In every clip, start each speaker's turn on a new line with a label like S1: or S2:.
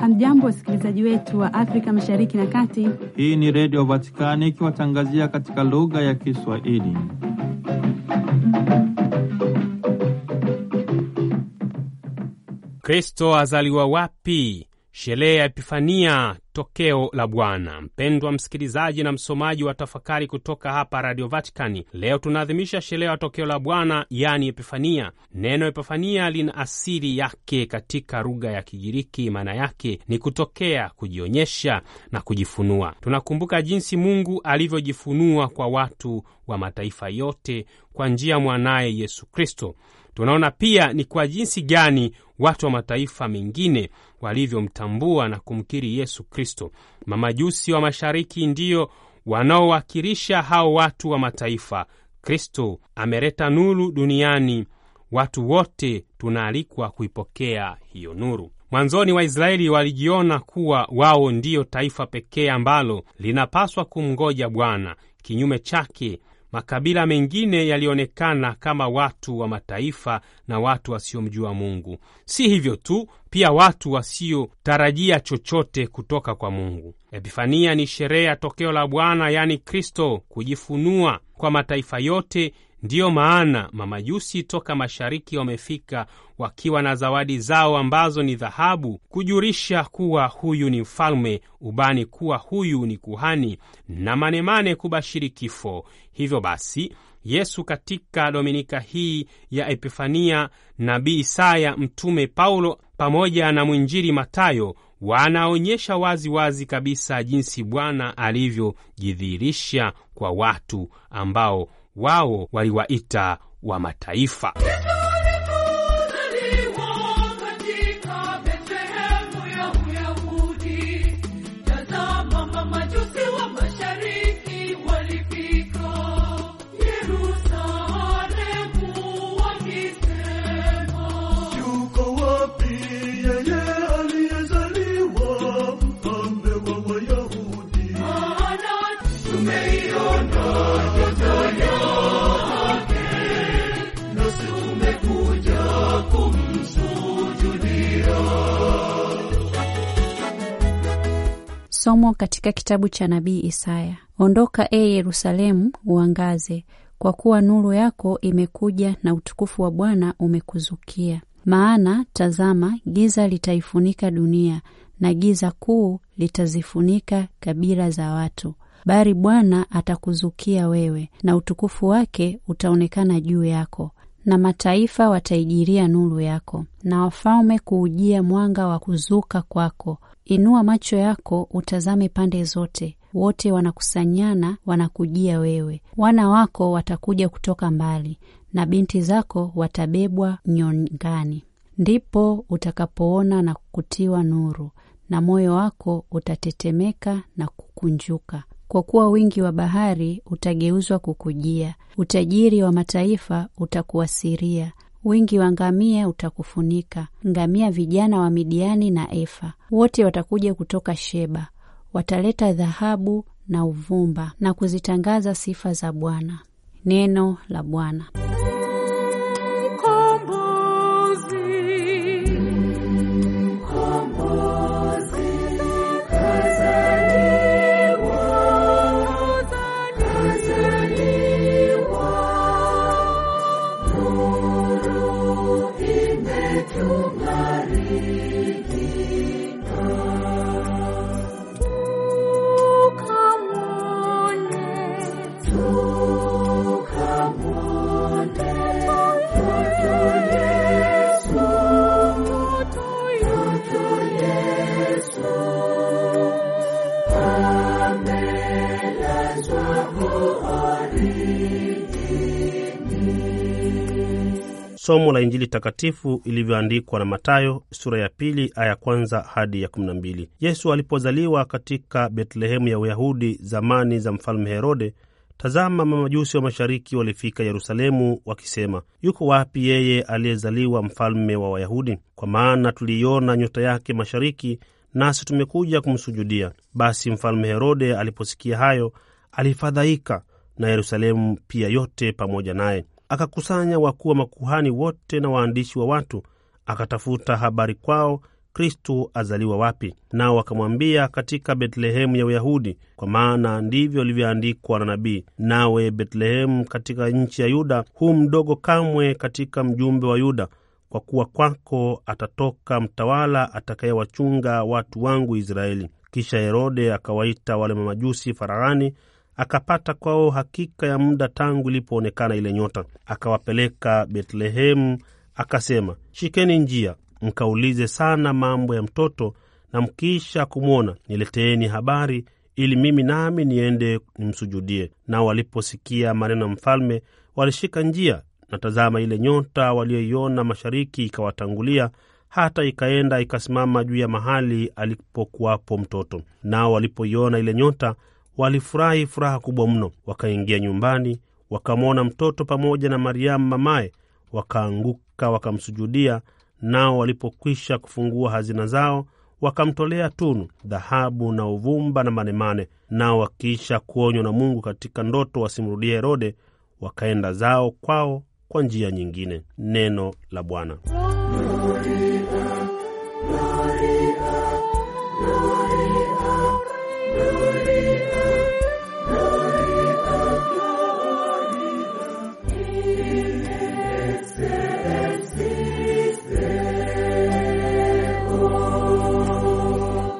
S1: Hamjambo, wasikilizaji wetu wa Afrika mashariki na kati.
S2: Hii ni Redio Vatikani ikiwatangazia katika lugha ya Kiswahili. Kristo azaliwa wapi? Sherehe ya Epifania, tokeo la Bwana. Mpendwa msikilizaji na msomaji wa tafakari kutoka hapa Radio vaticani leo tunaadhimisha sherehe ya tokeo la Bwana, yani Epifania. Neno Epifania lina asili yake katika lugha ya Kigiriki, maana yake ni kutokea, kujionyesha na kujifunua. Tunakumbuka jinsi Mungu alivyojifunua kwa watu wa mataifa yote kwa njia mwanaye Yesu Kristo. Tunaona pia ni kwa jinsi gani watu wa mataifa mengine walivyomtambua na kumkiri Yesu Kristo. Mamajusi wa mashariki ndiyo wanaowakilisha hao watu wa mataifa. Kristo ameleta nuru duniani, watu wote tunaalikwa kuipokea hiyo nuru. Mwanzoni Waisraeli walijiona kuwa wao ndiyo taifa pekee ambalo linapaswa kumngoja Bwana. Kinyume chake, Makabila mengine yalionekana kama watu wa mataifa na watu wasiomjua Mungu. Si hivyo tu, pia watu wasiotarajia chochote kutoka kwa Mungu. Epifania ni sherehe ya tokeo la Bwana, yaani Kristo kujifunua kwa mataifa yote Ndiyo maana mamajusi toka mashariki wamefika wakiwa na zawadi zao ambazo ni dhahabu, kujurisha kuwa huyu ni mfalme, ubani kuwa huyu ni kuhani, na manemane kubashiri kifo. Hivyo basi, Yesu katika dominika hii ya Epifania, nabii Isaya, mtume Paulo pamoja na mwinjili Matayo wanaonyesha wazi wazi kabisa jinsi Bwana alivyojidhihirisha kwa watu ambao wao waliwaita wa mataifa.
S1: Somo katika kitabu cha nabii Isaya. Ondoka e Yerusalemu, uangaze, kwa kuwa nuru yako imekuja na utukufu wa Bwana umekuzukia. Maana tazama, giza litaifunika dunia na giza kuu litazifunika kabila za watu, bali Bwana atakuzukia wewe, na utukufu wake utaonekana juu yako na mataifa wataijiria nuru yako, na wafalme kuujia mwanga wa kuzuka kwako. Inua macho yako utazame pande zote, wote wanakusanyana, wanakujia wewe. Wana wako watakuja kutoka mbali, na binti zako watabebwa nyongani. Ndipo utakapoona na kutiwa nuru, na moyo wako utatetemeka na kukunjuka kwa kuwa wingi wa bahari utageuzwa kukujia, utajiri wa mataifa utakuasiria, wingi wa ngamia utakufunika. Ngamia vijana wa Midiani na Efa wote watakuja kutoka Sheba, wataleta dhahabu na uvumba na kuzitangaza sifa za Bwana. Neno la Bwana.
S3: somo la Injili takatifu ilivyoandikwa na Matayo sura ya pili aya kwanza hadi ya mbili. Yesu alipozaliwa katika Betlehemu ya Uyahudi zamani za mfalme Herode, tazama, mamajusi wa mashariki walifika Yerusalemu wakisema, yuko wapi yeye aliyezaliwa mfalme wa Wayahudi? Kwa maana tuliiona nyota yake mashariki, nasi tumekuja kumsujudia. Basi mfalme Herode aliposikia hayo, alifadhaika na Yerusalemu pia yote pamoja naye akakusanya wakuu wa makuhani wote na waandishi wa watu, akatafuta habari kwao Kristo azaliwa wapi. Nao wakamwambia, katika Betlehemu ya Uyahudi, kwa maana ndivyo ilivyoandikwa na nabii, nawe Betlehemu katika nchi ya Yuda, hu mdogo kamwe katika mjumbe wa Yuda, kwa kuwa kwako atatoka mtawala atakayewachunga watu wangu Israeli. Kisha Herode akawaita wale mamajusi faraghani, akapata kwao hakika ya muda tangu ilipoonekana ile nyota. Akawapeleka Betlehemu, akasema, shikeni njia mkaulize sana mambo ya mtoto, na mkiisha kumwona nileteeni habari, ili mimi nami niende nimsujudie. Nao waliposikia maneno ya mfalme walishika njia, na tazama, ile nyota walioiona mashariki ikawatangulia hata ikaenda ikasimama juu ya mahali alipokuwapo mtoto. Nao walipoiona ile nyota walifurahi furaha kubwa mno. Wakaingia nyumbani, wakamwona mtoto pamoja na Mariamu mamaye, wakaanguka wakamsujudia. Nao walipokwisha kufungua hazina zao wakamtolea tunu, dhahabu na uvumba na manemane. Nao wakiisha kuonywa na Mungu katika ndoto wasimrudie Herode, wakaenda zao kwao kwa njia nyingine. Neno la Bwana.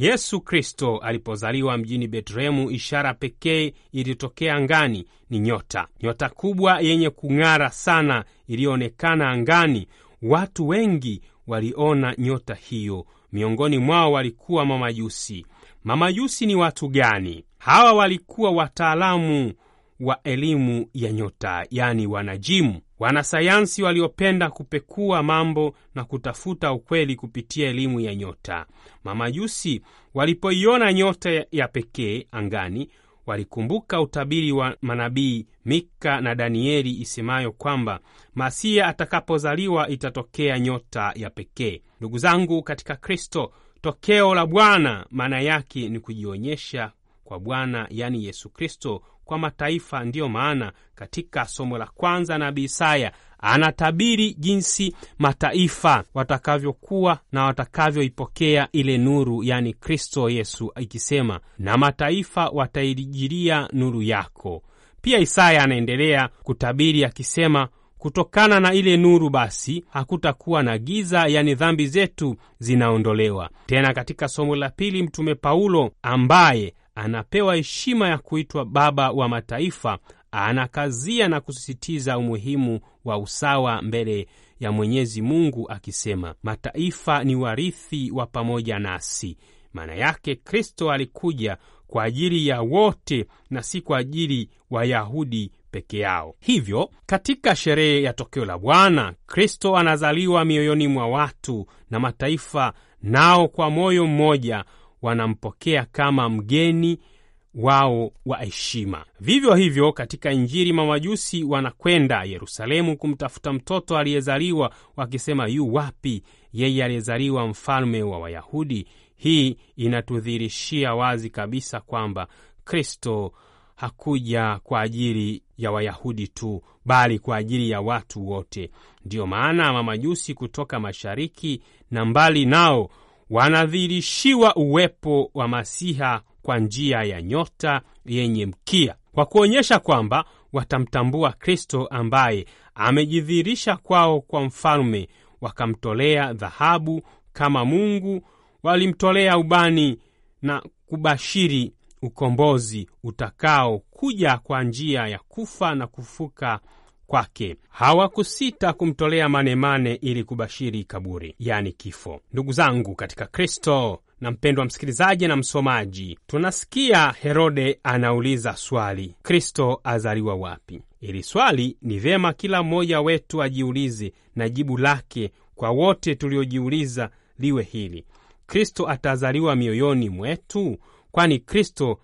S2: Yesu Kristo alipozaliwa mjini Betlehemu, ishara pekee iliyotokea angani ni nyota, nyota kubwa yenye kung'ara sana iliyoonekana angani. Watu wengi waliona nyota hiyo, miongoni mwao walikuwa mamajusi. Mamajusi ni watu gani? Hawa walikuwa wataalamu wa elimu ya nyota, yaani wanajimu wanasayansi waliopenda kupekua mambo na kutafuta ukweli kupitia elimu ya nyota. Mamajusi walipoiona nyota ya pekee angani, walikumbuka utabiri wa manabii Mika na Danieli isemayo kwamba Masiya atakapozaliwa itatokea nyota ya pekee. Ndugu zangu katika Kristo, tokeo la Bwana maana yake ni kujionyesha kwa Bwana, yani Yesu Kristo kwa mataifa. Ndiyo maana katika somo la kwanza nabii Isaya anatabiri jinsi mataifa watakavyokuwa na watakavyoipokea ile nuru, yani Kristo Yesu, ikisema na mataifa wataijiria nuru yako. Pia Isaya anaendelea kutabiri akisema kutokana na ile nuru basi hakutakuwa na giza, yani dhambi zetu zinaondolewa. Tena katika somo la pili, mtume Paulo ambaye anapewa heshima ya kuitwa baba wa mataifa, anakazia na kusisitiza umuhimu wa usawa mbele ya Mwenyezi Mungu akisema, mataifa ni warithi wa pamoja nasi. Maana yake Kristo alikuja kwa ajili ya wote na si kwa ajili Wayahudi peke yao. Hivyo, katika sherehe ya tokeo la Bwana, Kristo anazaliwa mioyoni mwa watu na mataifa, nao kwa moyo mmoja wanampokea kama mgeni wao wa heshima. Vivyo hivyo, katika Injili mamajusi wanakwenda Yerusalemu kumtafuta mtoto aliyezaliwa, wakisema yu wapi yeye aliyezaliwa mfalme wa Wayahudi? Hii inatudhihirishia wazi kabisa kwamba Kristo hakuja kwa ajili ya Wayahudi tu bali kwa ajili ya watu wote. Ndiyo maana mamajusi kutoka mashariki na mbali nao wanadhihirishiwa uwepo wa Masiha kwa njia ya nyota yenye mkia, kwa kuonyesha kwamba watamtambua Kristo ambaye amejidhihirisha kwao kwa mfalme. Wakamtolea dhahabu kama mungu, walimtolea ubani na kubashiri ukombozi utakao kuja kwa njia ya kufa na kufuka kwake. Hawakusita kumtolea manemane ili kubashiri kaburi, yani kifo. Ndugu zangu katika Kristo na mpendwa msikilizaji na msomaji, tunasikia Herode anauliza swali, Kristo azaliwa wapi? Ili swali ni vyema kila mmoja wetu ajiulize, na jibu lake kwa wote tuliojiuliza liwe hili: Kristo atazaliwa mioyoni mwetu? Kwani Kristo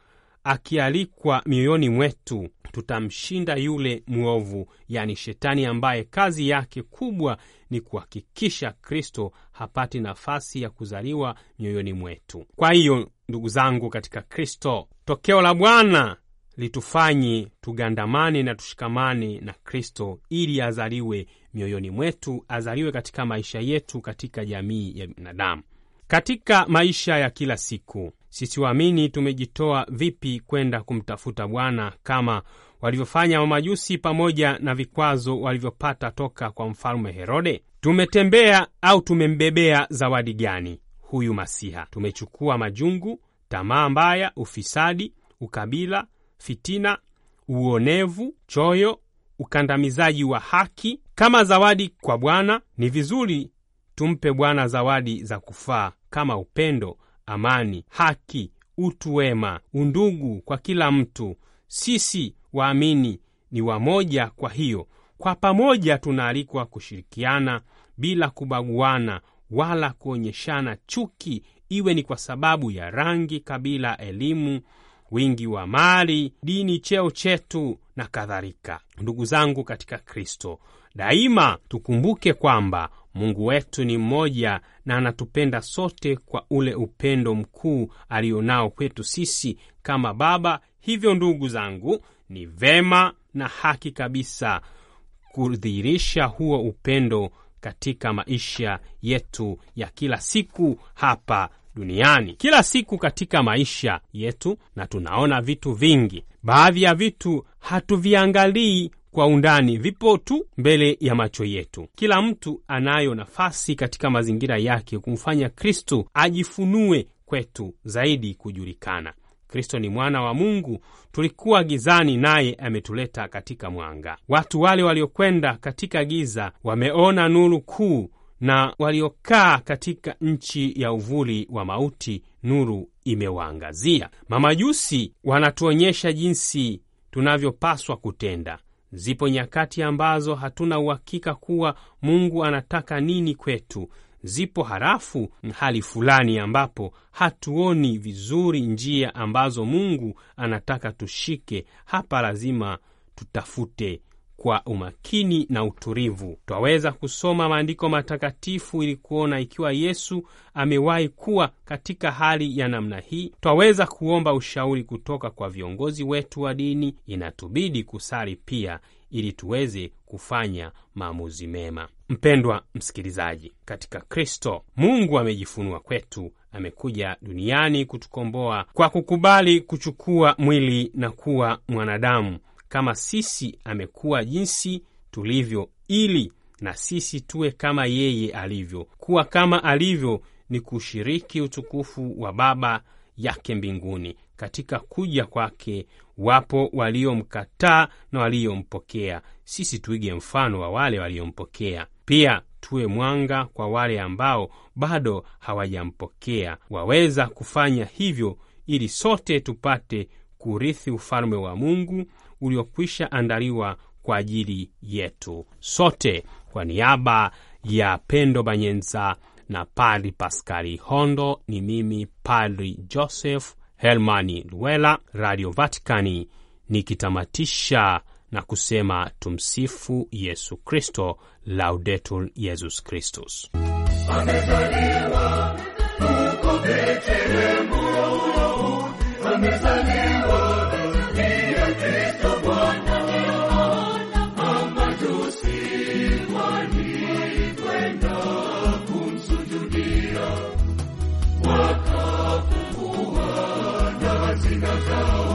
S2: akialikwa mioyoni mwetu tutamshinda yule mwovu, yani Shetani, ambaye kazi yake kubwa ni kuhakikisha Kristo hapati nafasi ya kuzaliwa mioyoni mwetu. Kwa hiyo, ndugu zangu katika Kristo, tokeo la Bwana litufanye tugandamane na tushikamane na Kristo ili azaliwe mioyoni mwetu, azaliwe katika maisha yetu, katika jamii ya binadamu, katika maisha ya kila siku. Sisi waamini tumejitoa vipi kwenda kumtafuta Bwana kama walivyofanya mamajusi pamoja na vikwazo walivyopata toka kwa mfalme Herode? Tumetembea au tumembebea zawadi gani huyu Masiha? Tumechukua majungu, tamaa mbaya, ufisadi, ukabila, fitina, uonevu, choyo, ukandamizaji wa haki kama zawadi kwa Bwana? Ni vizuri tumpe Bwana zawadi za kufaa kama upendo, amani, haki, utu wema, undugu kwa kila mtu. Sisi waamini ni wamoja, kwa hiyo kwa pamoja tunaalikwa kushirikiana bila kubaguana wala kuonyeshana chuki, iwe ni kwa sababu ya rangi, kabila, elimu wingi wa mali, dini, cheo chetu na kadhalika. Ndugu zangu katika Kristo, daima tukumbuke kwamba Mungu wetu ni mmoja na anatupenda sote kwa ule upendo mkuu alionao kwetu sisi kama Baba. Hivyo ndugu zangu, ni vema na haki kabisa kudhihirisha huo upendo katika maisha yetu ya kila siku hapa duniani kila siku katika maisha yetu, na tunaona vitu vingi. Baadhi ya vitu hatuviangalii kwa undani, vipo tu mbele ya macho yetu. Kila mtu anayo nafasi katika mazingira yake kumfanya Kristo ajifunue kwetu zaidi kujulikana. Kristo ni mwana wa Mungu. Tulikuwa gizani, naye ametuleta katika mwanga. Watu wale waliokwenda katika giza wameona nuru kuu na waliokaa katika nchi ya uvuli wa mauti nuru imewaangazia. Mamajusi wanatuonyesha jinsi tunavyopaswa kutenda. Zipo nyakati ambazo hatuna uhakika kuwa Mungu anataka nini kwetu. Zipo harafu hali fulani ambapo hatuoni vizuri njia ambazo Mungu anataka tushike. Hapa lazima tutafute kwa umakini na utulivu. Twaweza kusoma maandiko matakatifu ili kuona ikiwa Yesu amewahi kuwa katika hali ya namna hii. Twaweza kuomba ushauri kutoka kwa viongozi wetu wa dini. Inatubidi kusali pia ili tuweze kufanya maamuzi mema. Mpendwa msikilizaji, katika Kristo Mungu amejifunua kwetu. Amekuja duniani kutukomboa kwa kukubali kuchukua mwili na kuwa mwanadamu kama sisi amekuwa jinsi tulivyo, ili na sisi tuwe kama yeye alivyo. Kuwa kama alivyo ni kushiriki utukufu wa Baba yake mbinguni. Katika kuja kwake wapo waliomkataa na waliompokea. Sisi tuige mfano wa wale waliompokea. Pia tuwe mwanga kwa wale ambao bado hawajampokea. Waweza kufanya hivyo ili sote tupate kurithi ufalme wa Mungu uliokwisha andaliwa kwa ajili yetu sote. Kwa niaba ya Pendo Banyenza na Padri Paskali Hondo, ni mimi Padri Joseph Helmani Luela, Radio Vaticani, nikitamatisha na kusema tumsifu Yesu Kristo, Laudetur Yesus Kristus.
S4: Amezaliwa, amezaliwa Go.